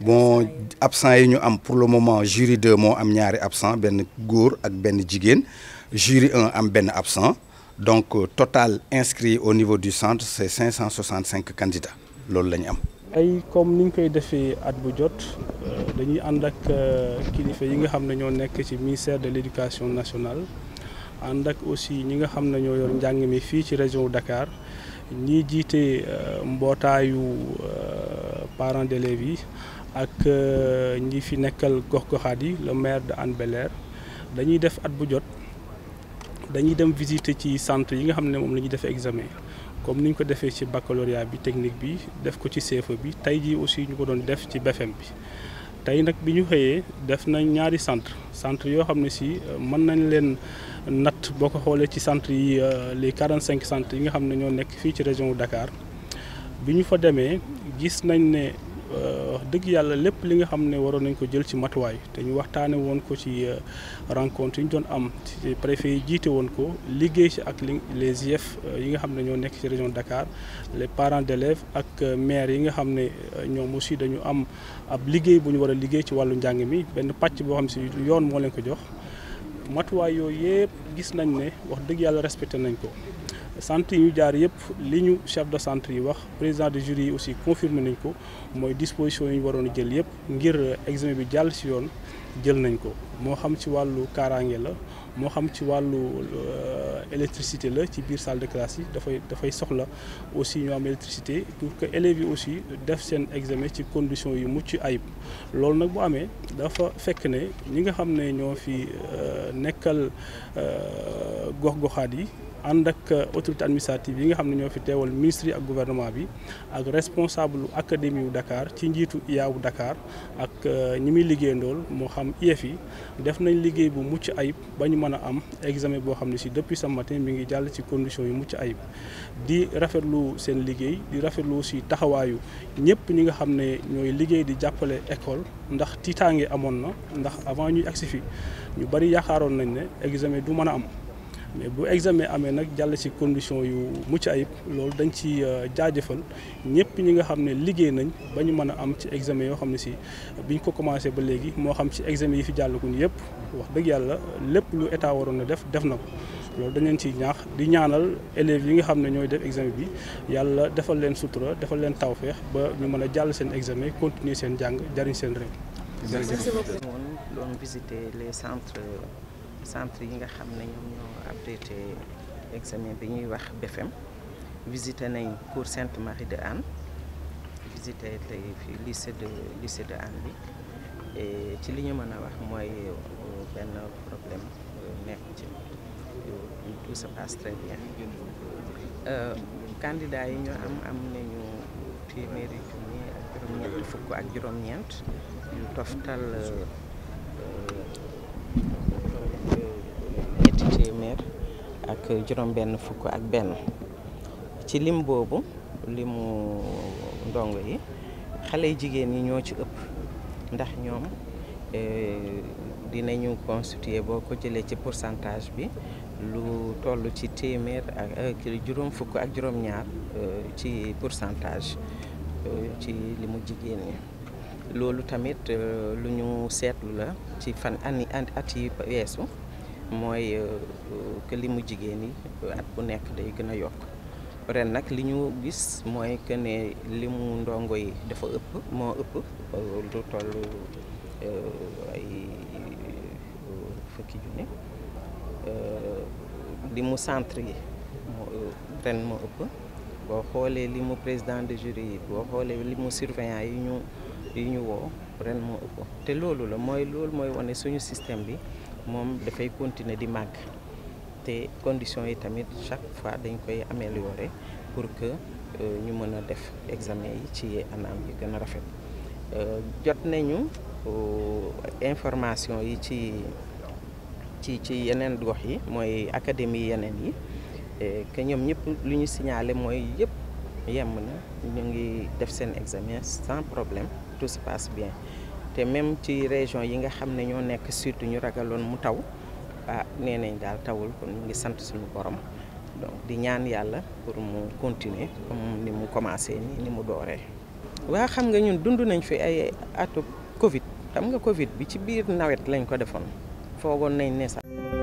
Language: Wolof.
bon absent yi ñu am pour le moment jury 2 mo am ñaari absent ben gour ak ben jigen jury 1 am ben absent donc euh, total inscrit au niveau du centre c'est 565 candidats loolu lañ am. ay comme ni ngui koy à at bu jot euh, dañuy and ak euh, kilifa yi nga xamna ci ministère de l'éducation nationale andak ak aussi ñi nga xamna ne ñoo yor njàng mi fii ci région Dakar ñi jité les parents d'élèves ak euh, ñi fi nekkal gox-goxaat yi le maire de Hann bel dañuy def at bu jot dañuy dem visiter ci centre yi nga xam ne moom la ñuy defee examen comme ni ñu ko defee ci baccalauréat bi technique bi def ko ci CFEE bi tey jii aussi ñu ko doon def ci BFM bi tey nag bi ñu xëyee def nañ ñaari centre centre yoo xam ne si euh, mën nañ leen natt boo ko xoolee ci centre yi euh, les 45 centres yi nga xam ne ñoo nekk fii ci région Dakar bi ñu fa demee gis nañ ne deug yalla lepp li nga xamne waro nañ ko jël ci matuway té ñu waxtaane won ko ci rencontre ñu doon am ci préfet jité won ko liggéey ci ak les IF yi nga xamne ñoo nekk ci région Dakar les parents d'élèves ak maire yi nga xamne ñoom aussi dañu am ab liggéey bu ñu wara a liggéey ci walu njàng mi benn patch bo xam ci yoon mo leen ko jox matuway yoyep gis nañ ne wax deug yalla respecté nañ ko centre ñu jaar yëpp li ñu chef de centre yi wax président de jury aussi confirmé nañ ko mooy disposition yi ñu waroon a jël yëpp ngir examen bi jàll ci yoon jël nañ ko moo xam ci wàllu kaaraange la moo xam ci wàllu euh, électricité la ci biir salle de classe yi dafay dafay soxla aussi ñu am électricité pour que élèves yi aussi def seen examen ci condition yu mucc ayib loolu nag bu amee dafa fekk ne ñi nga xam ne ñoo fi euh, nekkal euh, gox-goxaat yi ànd ak euh, autorité administrative yi nga xam ne ñoo fi teewal ministre ak gouvernement bi ak responsable académie wu Dakar ci njiitu IA wu Dakar ak ñi muy liggéeyandool moo xam IEF yi def nañ liggéey bu mucc ayib ba ñu mën a am examen boo xam ne si depuis ce matin mi ngi jàll ci conditions yu mucc ayib di rafetlu seen liggéey di rafetlu si taxawaayu ñëpp ñi nga xam ne ñooy liggéey di jàppale école yi amoon na ndax avant ñuy accès fi ñu bari yaakaaroon nañ ne examen du mën a am mais bu examen amee nag jàll ci condition yu mucc ayib loolu dañ ci euh, jaajëfal ñëpp ñi nga xam ne liggéey nañ ba ñu mën a am ci examen yoo xam ne si biñ ko commencé ba léegi moo xam ci examen yi fi jàllaguñ yëpp wax dëgg yàlla lépp lu état waroon na def def na ko loolu dañ leen ci ñaax di ñaanal élèves yi nga xam ne ñooy def examen bi yàlla defal leen sutura defal leen tawfeex ba ñu mën a jàll seen examen continuer seen jàng jariñ seen réew beaucoup. Nous avons visité les centres, les centres qui ont abrité l'examen de BFM. Visité le cours Sainte-Marie de Anne. Visité le lycée de, lycée de Anne. Et ce que nous avons dit, c'est un problème. Euh, euh, tout se passe très bien. Euh, candidats, nous avons amené une première ñetti fukk ak juróom-ñeent yu toftal euh, téeméer ak juróom-benn fukk ak benn ci lim boobu limu ndongo yi xale jigéen ñi ñoo ci ëpp ndax ñoom euh, dinañu constituer boo ko jëlee ci pourcentage bi lu tollu ci téeméer ak euh, juróom fukk ak juróom-ñaar ci pourcentage. ci limu mu jigéen ñi loolu tamit euh, lu ñu seetlu la ci fan ani at yi weesu mooy euh, que li jigéen yi at bu nekk day gën a yokk ren nag li ñu gis mooy que ne li mu ndongo yi dafa ëpp moo ëpp euh, lu toll ay fukki junne li mu centre yi ren moo ëpp boo xoolee li mu président de jury yi boo xoolee li mu surveillant yi ñu yi ñu woo ren moo ëpp te loolu la mooy loolu mooy wane suñu système bi moom dafay continuer di màgg te conditions yi tamit chaque fois dañ koy améliorer pour que euh, ñu mën a def examen yi ci anam yi gën a rafet euh, jot nañu euh, information yi ci ci ci yeneen yi mooy académie yeneen yi et que ñoom ñëpp lu ñu signalé mooy yëpp yemb na ñu ngi def seen examen sans problème tout se passe bien te même ci région yi nga xam ne ñoo nekk surtout ñu ragaloon mu taw ah nee nañ daal tawul kon ñu ngi sant suñu borom donc di ñaan yàlla pour mu continuer comme ni mu commencé nii ni mu dooree. waa xam nga ñun dund nañ fi ay atu Covid xam nga Covid bi ci biir nawet lañ ko defoon foogoon nañ ne sax.